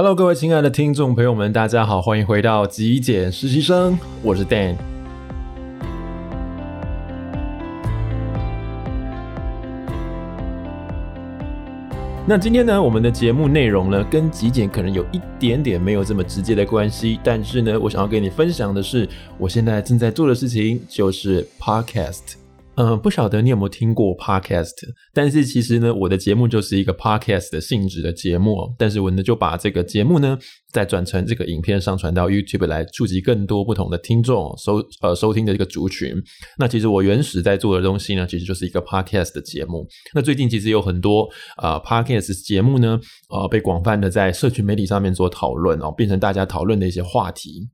Hello，各位親愛的聽眾朋友們，大家好，歡迎回到極簡實習生，我是 Dan。那今天呢，我們的節目內容呢，跟極簡可能有一點點沒有這麼直接的關係，但是呢，我想要跟你分享的是，我現在正在做的事情就是 Podcast。嗯，不曉得你有沒有聽過 podcast，但是其實呢，我的節目就是一個 podcast 的性質的節目，但是我呢就把這個節目呢再轉成這個影片上傳到 YouTube 來觸及更多不同的聽眾收呃收聽的一個族群。那其實我原始在做的東西呢，其實就是一個 podcast 的節目。那最近其實有很多呃 podcast 節目呢，呃被廣泛的在社群媒體上面做討論哦，變成大家討論的一些話題。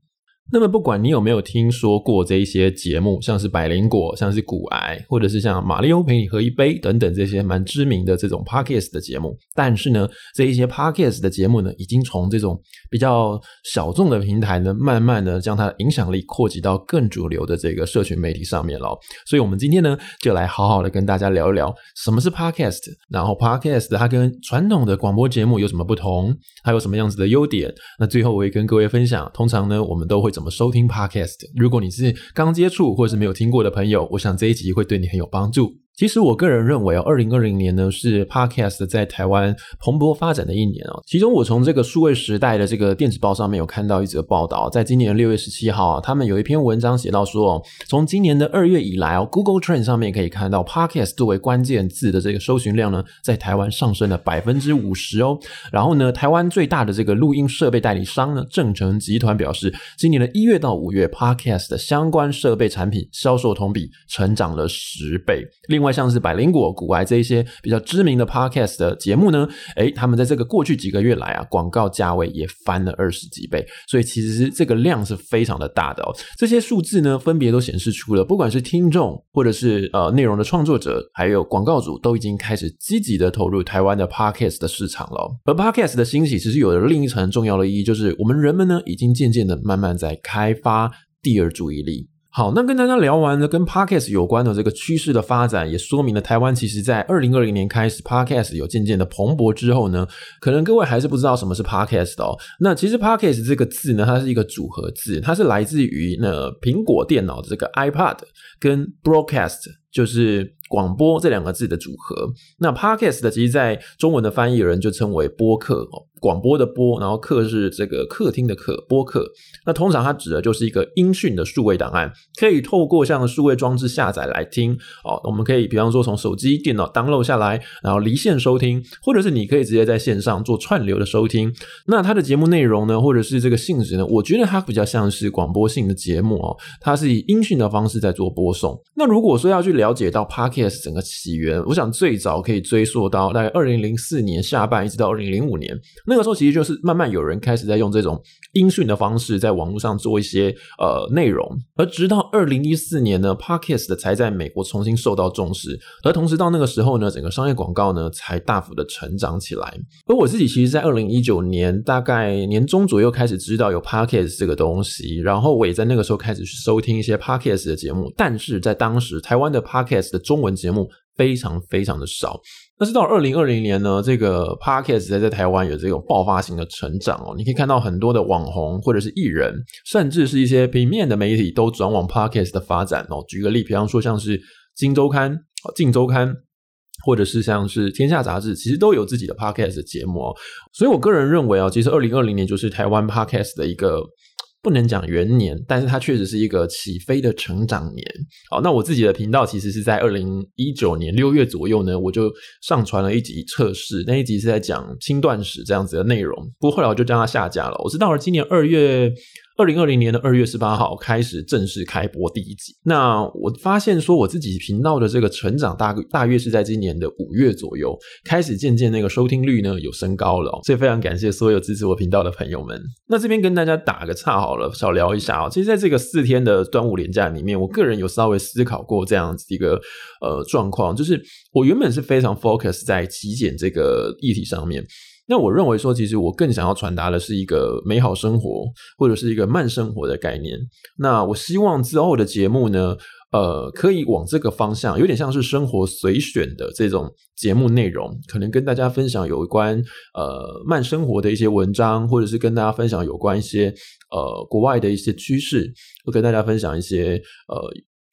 那麼，不管你有沒有聽說過這一些節目，像是百靈果，像是股癌，或者是像馬里歐陪你喝一杯等等這些蠻知名的這種 podcast 的節目。但是呢，這一些 podcast 的節目呢，已經從這種比較小眾的平台呢，慢慢的將它的影響力擴及到更主流的這個社群媒體上面了。所以，我們今天呢，就來好好的跟大家聊一聊什麼是 podcast，然後 podcast 它跟傳統的廣播節目有什麼不同，還有什麼樣子的優點。那最後，我會跟各位分享，通常呢，我們都會。怎麼收聽 Podcast？如果你是剛接觸或是沒有聽過的朋友，我想這一集會對你很有幫助。其實我個人認為啊，二零二零年呢是 Podcast 在台灣蓬勃發展的一年啊、哦。其中，我從這個數位時代的這個電子報上面有看到一則報道，在今年六月十七號啊，他們有一篇文章寫到說哦，從今年的二月以來哦，Google Trend 上面也可以看到 Podcast 作為關鍵字的這個搜尋量呢，在台灣上升了百分之五十哦。然後呢，台灣最大的這個錄音設備代理商呢，正成集團表示，今年的一月到五月 Podcast 的相關設備產品銷售同比成長了十倍。另外外像是百靈果、股癌這一些比較知名的 Podcast 的節目呢，誒，他們在這個過去幾個月來啊，廣告價位也翻了二十幾倍，所以其實這個量是非常的大的哦。這些數字呢，分別都顯示出了，不管是聽眾或者是呃內容的創作者，還有廣告主，都已經開始積極的投入台灣的 Podcast 的市場了哦。而 Podcast 的興起，其實有着另一層重要的意義，就是我們人們呢，已經漸漸的慢慢在開發第二注意力。好，那跟大家聊完了跟 podcast 有關的這個趨勢的發展，也說明了台灣其實，在二零二零年開始 podcast 有漸漸的蓬勃之後呢，可能各位還是不知道什麼是 podcast 哦。那其實 podcast 這個字呢，它是一個組合字，它是來自於呢蘋果電腦的這個 iPod 跟 broadcast。就是廣播這兩個字的組合。那 podcast 的，其實在中文的翻譯，有人就稱為播客。廣播的播，然後客是這個客廳的客，播客。那通常它指的就是一個音訊的數位檔案，可以透過像數位裝置下載來聽。哦，我們可以比方說從手機、電腦 download 下來，然後離線收聽，或者是你可以直接在線上做串流的收聽。那它的節目內容呢，或者是這個性質呢，我覺得它比較像是廣播性的節目哦、喔，它是以音訊的方式在做播送。那如果說要去聊。了解到 Podcast 整個起源，我想最早可以追溯到大概二零零四年下半，一直到二零零五年那個時候，其實就是慢慢有人開始在用這種音訊的方式在網絡上做一些呃內容。而直到二零一四年呢，Podcast 才在美國重新受到重視，而同時到那個時候呢，整個商業廣告呢才大幅的成長起來。而我自己其實在2019，在二零一九年大概年中左右開始知道有 Podcast 這個東西，然後我也在那個時候開始去收聽一些 Podcast 的節目。但是在當時台灣的 Podcast 的中文節目非常非常的少，但是到二零二零年呢，這個 Podcast 在在台灣有這種爆發性的成長哦。你可以看到很多的網紅或者是藝人，甚至是一些平面的媒體都轉往 Podcast 的發展哦。舉個例，比方說像是《鏡周刊》、《鏡周刊》，或者是像是《天下雜誌》，其實都有自己的 Podcast 節目。哦。所以我個人認為啊、哦，其實二零二零年就是台灣 Podcast 的一個。不能講元年，但是它確實是一個起飛的成長年。好，那我自己的頻道其實是在二零一九年六月左右呢，我就上傳了一集測試，那一集是在講輕斷食這樣子的內容。不過後來我就將它下架了。我是到了今年二月。二零二零年的二月十八號開始正式開播第一集。那我發現說，我自己頻道的這個成長大，大概大約是在今年的五月左右開始，漸漸那個收聽率呢有升高了、哦。所以非常感謝所有支持我頻道的朋友們。那這邊跟大家打個岔，好了，少聊一下啊、哦。其實在這個四天的端午連假裡面，我個人有稍微思考過這樣子一個呃狀況，就是我原本是非常 focus 在極簡這個議題上面。那我認為說，其實我更想要傳達的是一個美好生活或者是一個慢生活的概念。那我希望之後的節目呢，呃，可以往這個方向，有點像是生活隨選的這種節目內容，可能跟大家分享有關呃慢生活的一些文章，或者是跟大家分享有關一些呃國外的一些趨勢，或跟大家分享一些呃。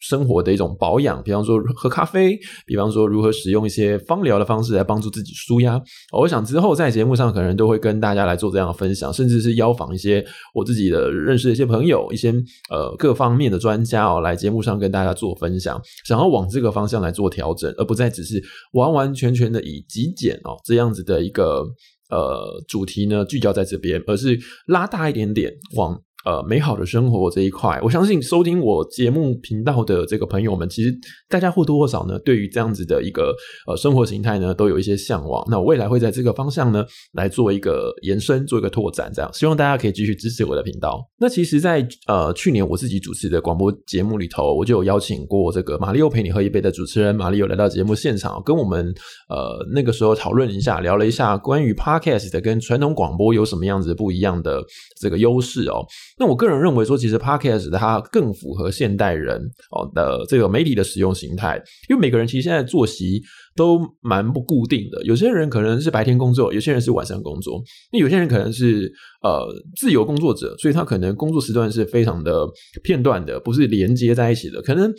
生活的一種保養，比方說喝咖啡，比方說如何使用一些芳療的方式來幫助自己舒壓。我想之後在節目上可能都會跟大家來做這樣的分享，甚至是邀訪一些我自己的認識的一些朋友、一些呃各方面的專家哦，來節目上跟大家做分享。想要往這個方向來做調整，而不再只是完完全全的以極簡哦這樣子的一個呃主題呢聚焦在這邊，而是拉大一點點往。呃，美好的生活這一塊，我相信收聽我節目頻道的這個朋友們，其實大家或多或少呢，對於這樣子的一個呃生活形態呢，都有一些向往。那我未來會在這個方向呢，來做一個延伸，做一個拓展，這樣，希望大家可以繼續支持我的頻道。那其實在，在呃去年我自己主持的廣播節目裡頭，我就有邀請過這個“瑪利歐陪你喝一杯”的主持人瑪利歐來到節目現場，跟我們呃那個時候討論一下，聊了一下關於 podcast 跟傳統廣播有什麼樣子不一樣的這個優勢哦。那我個人認為說，其實 Podcast 它更符合現代人哦的這個媒體的使用形態，因為每個人其實現在作息都蠻不固定的，有些人可能是白天工作，有些人是晚上工作，那有些人可能是呃自由工作者，所以他可能工作時段是非常的片段的，不是連接在一起的，可能。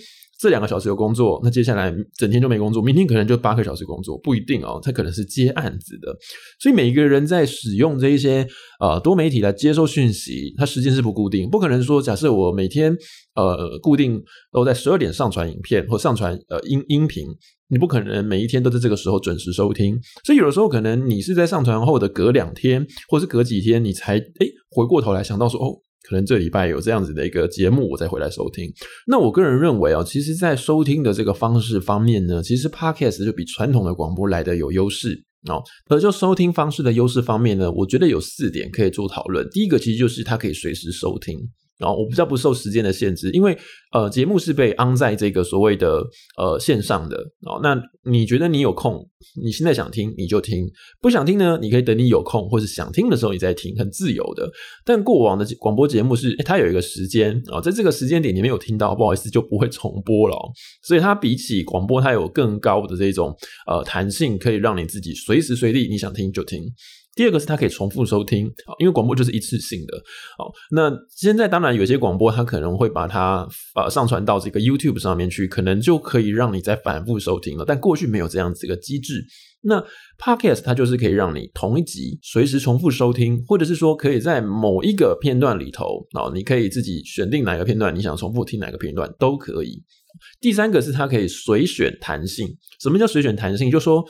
這兩個小時有工作，那接下來整天就沒工作。明天可能就八個小時工作，不一定哦。他可能是接案子的，所以每一個人在使用這一些呃多媒體來接收訊息，它時間是不固定，不可能說假設我每天呃固定都在十二點上傳影片，或上傳呃音音頻，你不可能每一天都在這個時候準時收聽。所以有的時候可能你是在上傳後的隔兩天，或是隔幾天，你才誒回過頭來想到說哦。可能這禮拜有這樣子的一個節目，我再回來收聽。那我個人認為啊、喔，其實，在收聽的這個方式方面呢，其實 podcast 就比傳統的廣播來得有優勢哦。而就收聽方式的優勢方面呢，我覺得有四點可以做討論。第一個，其實就是它可以隨時收聽。哦，我比較不受時間的限制，因為呃，節目是被安在這個所謂的呃線上的哦。那你覺得你有空，你現在想聽你就聽，不想聽呢，你可以等你有空或是想聽的時候你再聽，很自由的。但過往的廣播節目是誒它有一個時間哦，在這個時間點你沒有聽到，不好意思就不會重播了哦。所以它比起廣播，它有更高的這種呃彈性，可以讓你自己隨時隨地你想聽就聽。第二個是它可以重複收聽啊，因為廣播就是一次性的啊。那現在當然有些廣播它可能會把它啊上傳到這個 YouTube 上面去，可能就可以讓你再反復收聽了。但過去沒有這樣子一個機制。那 Podcast 它就是可以讓你同一集隨時重複收聽，或者是說可以在某一個片段裡頭啊，你可以自己選定哪個片段，你想重複聽哪個片段都可以。第三個是它可以隨選彈性，什麼叫隨選彈性？就說。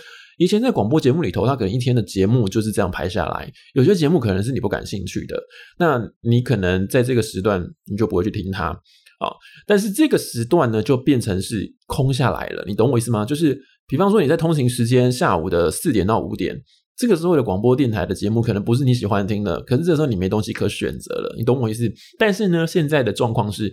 以前在廣播節目裡頭，他可能一天的節目就是這樣排下來。有些節目可能是你不感興趣的，那你可能在這個時段你就不會去聽它啊。但是這個時段呢，就變成是空下來了。你懂我意思嗎？就是比方說你在通勤時間，下午的四點到五點，這個時候的廣播電台的節目可能不是你喜歡聽的，可是這個時候你沒東西可選擇了。你懂我意思？但是呢，現在的狀況是，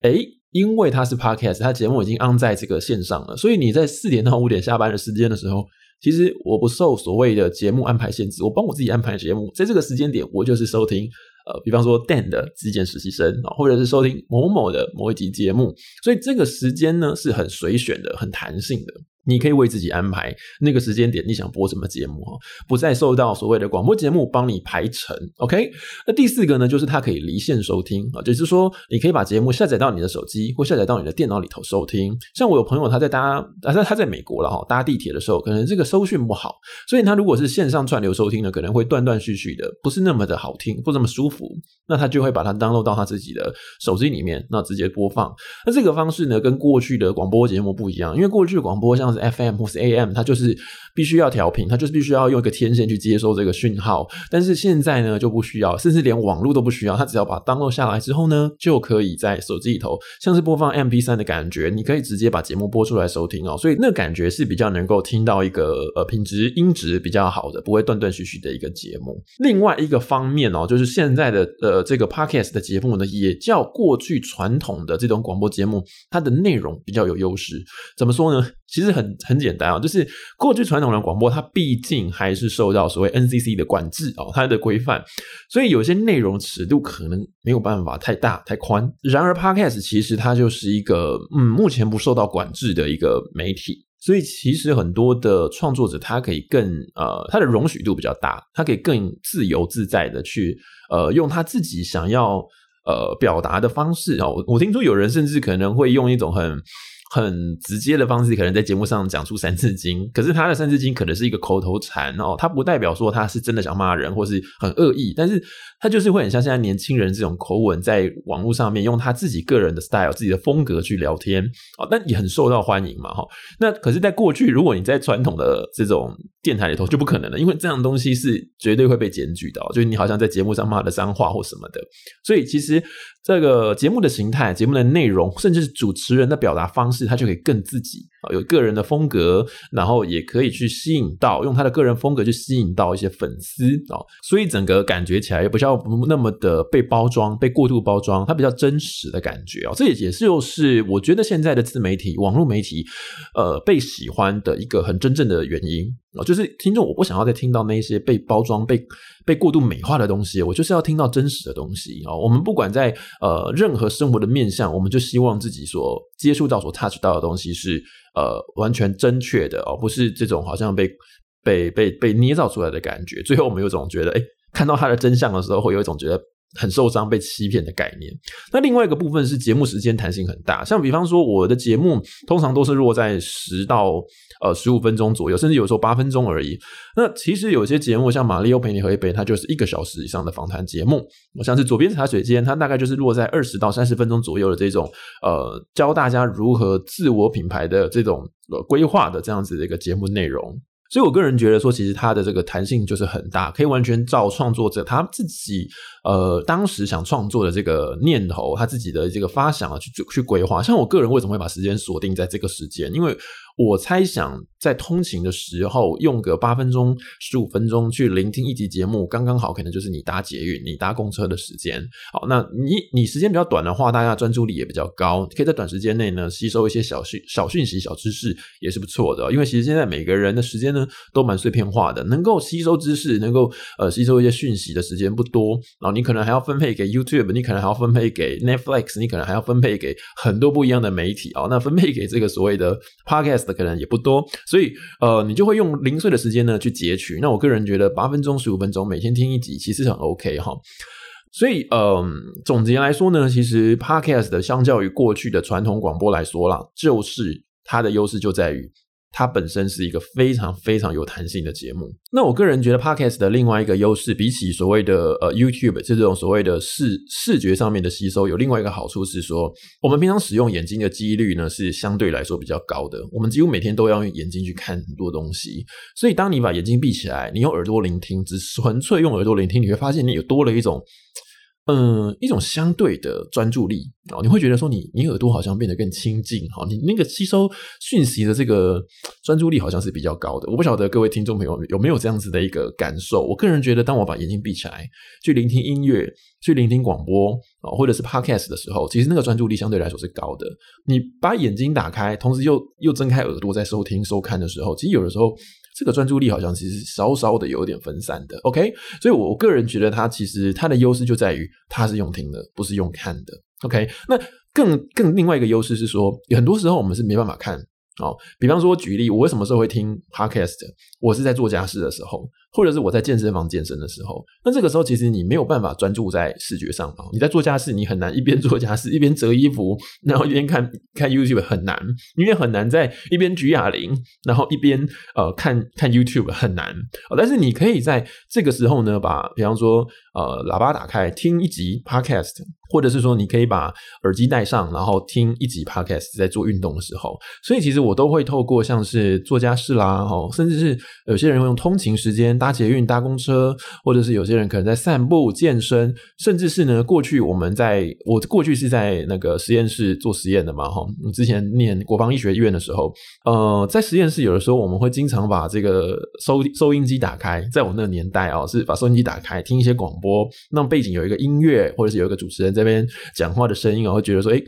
哎、欸，因為它是 Podcast，它節目已經 on 在這個線上了，所以你在四點到五點下班的時間的時候。其實我不受所謂的節目安排限制，我幫我自己安排節目，在這個時間點，我就是收聽，呃，比方說 Dan 的《極簡實習生》啊，或者是收聽某某的某一集節目，所以這個時間呢是很隨選的，很彈性的。你可以為自己安排那個時間點，你想播什麼節目，啊，不再受到所謂的廣播節目幫你排程。OK，那第四個呢，就是它可以離線收聽啊，就是說你可以把節目下載到你的手機或下載到你的電腦裡頭收聽。像我有朋友，他在搭啊，他他在美國了哈，喔，搭地鐵的時候，可能這個收訊不好，所以他如果是線上串流收聽呢，可能會斷斷續續的，不是那麼的好聽，不怎麼舒服，那他就會把它 download 到他自己的手機裡面，那直接播放。那這個方式呢，跟過去的廣播節目不一樣，因為過去的廣播像是。FM 或是 AM，它就是必須要調頻，它就是必須要用一個天線去接收這個訊號。但是現在呢，就不需要，甚至連網絡都不需要，它只要把它 download 下來之後呢，就可以在手機裡頭，像是播放 MP 三的感覺，你可以直接把節目播出來收聽哦、喔。所以那感覺是比較能夠聽到一個呃品質音質比較好的，不會斷斷續續的一個節目。另外一個方面哦、喔，就是現在的呃這個 Podcast 的節目呢，也較過去傳統的這種廣播節目，它的內容比較有優勢。怎麼說呢？其實很很很簡單啊，就是過去傳統的廣播，它畢竟還是受到所謂 NCC 的管制哦，它的規範，所以有些內容尺度可能沒有辦法太大太寬。然而，Podcast 其實它就是一個嗯，目前不受到管制的一個媒體，所以其實很多的創作者他可以更呃，他的容許度比較大，他可以更自由自在的去呃，用他自己想要呃表達的方式。我、哦、我聽說有人甚至可能會用一種很。很直接的方式，可能在節目上講出三字經，可是他的三字經可能是一個口頭禪哦，他不代表說他是真的想罵人或是很惡意，但是他就是會很像現在年輕人這種口吻，在網絡上面用他自己個人的 style、自己的風格去聊天哦，但也很受到歡迎嘛哈、哦。那可是，在過去，如果你在傳統的這種電台裡頭，就不可能了，因為這樣的東西是絕對會被檢舉的，就是你好像在節目上罵了髒話或什麼的，所以其實。這個節目的形態、節目的內容，甚至是主持人的表達方式，它就可以更自己。有個人的風格，然後也可以去吸引到，用他的個人風格去吸引到一些粉絲啊、哦，所以整個感覺起來也不需要那麼的被包裝、被過度包裝，它比較真實的感覺啊、哦。這也也是又是我覺得現在的自媒體、網絡媒體，呃，被喜歡的一個很真正的原因啊、哦，就是聽眾我不想要再聽到那些被包裝、被被過度美化的東西，我就是要聽到真實的東西啊、哦。我們不管在呃任何生活的面向，我們就希望自己說。接觸到所 touch 到的東西是呃完全正確的而、哦，不是這種好像被被被被捏造出來的感覺。最後我們有一種覺得，哎、欸，看到它的真相的時候，會有一種覺得。很受傷、被欺騙的概念。那另外一個部分是節目時間彈性很大，像比方說我的節目通常都是落在十到呃十五分鐘左右，甚至有時候八分鐘而已。那其實有些節目像瑪麗歐陪你喝一杯，它就是一個小時以上的訪談節目。我像是左邊茶水間，它大概就是落在二十到三十分鐘左右的這種呃教大家如何自我品牌的這種呃規劃的這樣子的一個節目內容。所以，我個人覺得說，其實它的這個彈性就是很大，可以完全照創作者他自己，呃，當時想創作的這個念頭，他自己的這個發想啊，去去規劃。像我個人為什麼會把時間鎖定在這個時間，因為我猜想。在通勤的時候，用個八分鐘、十五分鐘去聆聽一集節目，剛剛好，可能就是你搭捷運、你搭公車的時間。好，那你你時間比較短的話，大家的專注力也比較高，可以在短時間內呢吸收一些小訊、小訊息、小知識也是不錯的。因為其實現在每個人的時間呢都蠻碎片化的，能夠吸收知識、能夠呃吸收一些訊息的時間不多。然後你可能還要分配給 YouTube，你可能還要分配給 Netflix，你可能還要分配給很多不一樣的媒體啊、哦。那分配給這個所謂的 Podcast 可能也不多。所以，呃，你就會用零碎的時間呢去截取。那我個人覺得八分鐘、十五分鐘，每天聽一集，其實很 OK 哈。所以，嗯、呃，總結來說呢，其實 Podcast 的相較於過去的傳統廣播來說啦，就是它的優勢就在於。它本身是一個非常非常有彈性的節目。那我個人覺得，Podcast 的另外一個優勢，比起所謂的、呃、YouTube，這種所謂的視視覺上面的吸收，有另外一個好處是說，我們平常使用眼睛的幾率呢是相對來說比較高的。我們幾乎每天都要用眼睛去看很多東西，所以當你把眼睛閉起來，你用耳朵聆聽，只純粹用耳朵聆聽，你會發現你有多了一種。嗯，一種相對的專注力啊，你會覺得說你你耳朵好像變得更清淨哈，你那個吸收訊息的這個專注力好像是比較高的。我不曉得各位聽眾朋友有沒有這樣子的一個感受。我個人覺得，當我把眼睛閉起來去聆聽音樂、去聆聽廣播啊，或者是 podcast 的時候，其實那個專注力相對來說是高的。你把眼睛打開，同時又又睜開耳朵在收聽、收看的時候，其實有的時候。這個專注力好像其實稍稍的有點分散的，OK？所以我個人覺得它其實它的優勢就在於它是用聽的，不是用看的，OK？那更更另外一個優勢是說，有很多時候我們是沒辦法看哦，比方說舉例，我什麼時候會聽 podcast？我是在做家事的時候。或者是我在健身房健身的時候，那這個時候其實你沒有辦法專注在視覺上哦。你在做家事，你很難一邊做家事一邊折衣服，然後一邊看看 YouTube 很難，你也很難在一邊舉啞鈴，然後一邊呃看看 YouTube 很難，哦。但是你可以在這個時候呢，把比方說呃喇叭打開聽一集 Podcast，或者是說你可以把耳機戴上，然後聽一集 Podcast 在做運動的時候。所以其實我都會透過像是做家事啦，哦，甚至是有些人會用通勤時間。搭捷運、搭公車，或者是有些人可能在散步、健身，甚至是呢，過去我們在我過去是在那個實驗室做實驗的嘛，哈，我之前念國防醫學院的時候，呃，在實驗室有的時候我們會經常把這個收收音機打開，在我那個年代啊、喔，是把收音機打開聽一些廣播，那背景有一個音樂，或者是有一個主持人在這邊講話的聲音、喔，我會覺得說，哎、欸。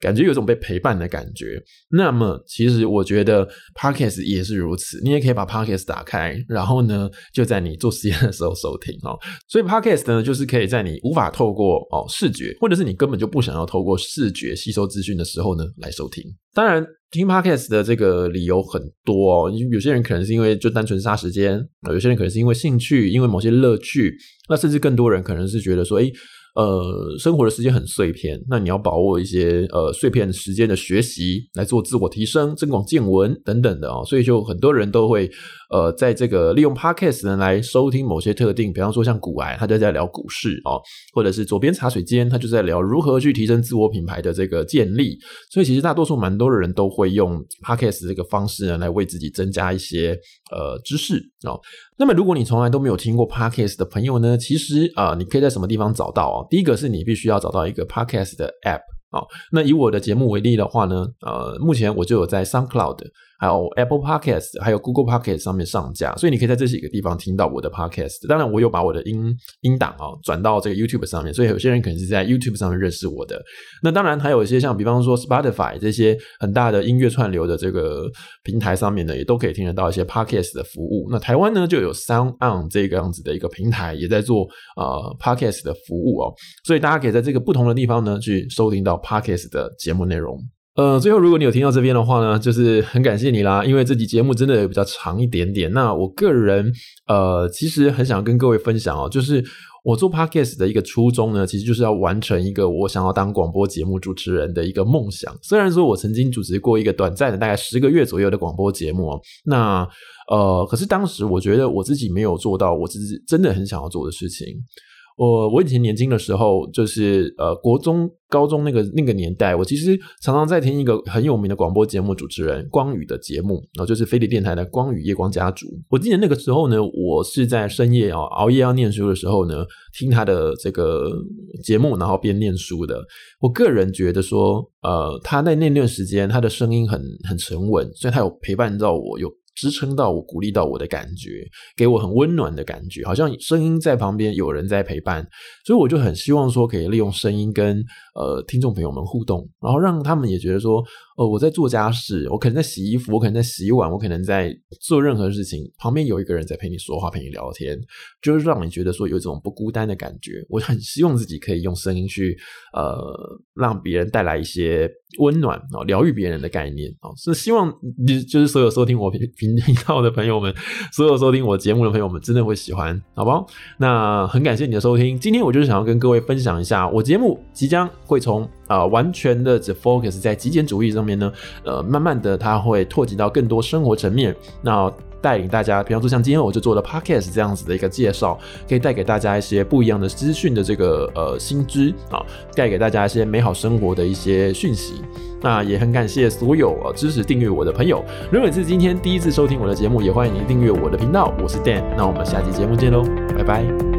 感覺有種被陪伴的感覺。那麼，其實我覺得 podcast 也是如此。你也可以把 podcast 打開，然後呢，就在你做實驗的時候收聽哦。所以 podcast 呢，就是可以在你無法透過哦視覺，或者是你根本就不想要透過視覺吸收資訊的時候呢，來收聽。當然，聽 podcast 的這個理由很多哦。有些人可能是因為就單純殺時間，有些人可能是因為興趣，因為某些樂趣。那甚至更多人可能是覺得說，哎。呃，生活的時間很碎片，那你要把握一些呃碎片時間的學習來做自我提升、增廣見聞等等的哦，所以就很多人都會呃在這個利用 podcast 呢來收聽某些特定，比方說像股癌，他就在聊股市哦，或者是左邊茶水間，他就在聊如何去提升自我品牌的這個建立，所以其實大多數蠻多的人都會用 podcast 這個方式呢來為自己增加一些呃知識哦。那麼如果你從來都沒有聽過 podcast 的朋友呢，其實啊、呃，你可以在什麼地方找到啊、哦？第一個是你必須要找到一個 podcast 的 app，啊，那以我的節目為例的話呢，呃，目前我就有在 SoundCloud。還有 Apple Podcast，還有 Google Podcast 上面上架，所以你可以在這幾個地方聽到我的 Podcast。當然，我有把我的音音檔啊、哦、轉到這個 YouTube 上面，所以有些人可能是在 YouTube 上面認識我的。那當然，還有一些像比方說 Spotify 這些很大的音樂串流的這個平台上面呢，也都可以聽得到一些 Podcast 的服務。那台灣呢，就有 Sound On 這個樣子的一個平台，也在做，呃，Podcast 的服務哦。所以大家可以在這個不同的地方呢，去收聽到 Podcast 的節目內容。呃，最後如果你有聽到這邊的話呢，就是很感謝你啦，因為這集節目真的比較長一點點。那我個人呃，其實很想跟各位分享哦、喔，就是我做 podcast 的一個初衷呢，其實就是要完成一個我想要當廣播節目主持人的一個夢想。雖然說我曾經主持過一個短暫的大概十個月左右的廣播節目，那呃，可是當時我覺得我自己沒有做到我自己真的很想要做的事情。我我以前年輕的時候，就是呃，國中、高中那個那個年代，我其實常常在聽一個很有名的廣播節目主持人光宇的節目，然、呃、後就是飛碟電台的光宇夜光家族。我記得那個時候呢，我是在深夜啊、呃、熬夜要念書的時候呢，聽他的這個節目，然後邊念書的。我個人覺得說，呃，他在那段時間他的聲音很很沉穩，所以他有陪伴到我。有支撐到我，鼓勵到我的感覺，給我很溫暖的感覺，好像聲音在旁邊，有人在陪伴，所以我就很希望說，可以利用聲音跟，呃，聽眾朋友們互動，然後讓他們也覺得說，呃，我在做家事，我可能在洗衣服，我可能在洗碗，我可能在做任何事情，旁邊有一個人在陪你說話，陪你聊天，就是讓你覺得說有一種不孤單的感覺。我很希望自己可以用聲音去，呃，讓別人帶來一些溫暖啊，療癒別人的概念啊，所以希望，就是所有收聽我頻頻道的朋友們，所有收聽我節目的朋友們，真的會喜歡，好不好？那很感謝你的收聽，今天我就是想要跟各位分享一下，我節目即將。會從啊、呃、完全的只 focus 在極簡主義上面呢，呃，慢慢的它會拓及，到更多生活層面，那帶領大家，比方說像今天我就做了 podcast 這樣子的一個介紹，可以帶給大家一些不一樣的資訊的這個呃新知啊，帶給大家一些美好生活的一些訊息。那也很感謝所有、呃、支持訂閱我的朋友，如果是今天第一次收聽我的節目，也歡迎你訂閱我的頻道。我是 Dan，那我們下期節目見嘍，拜拜。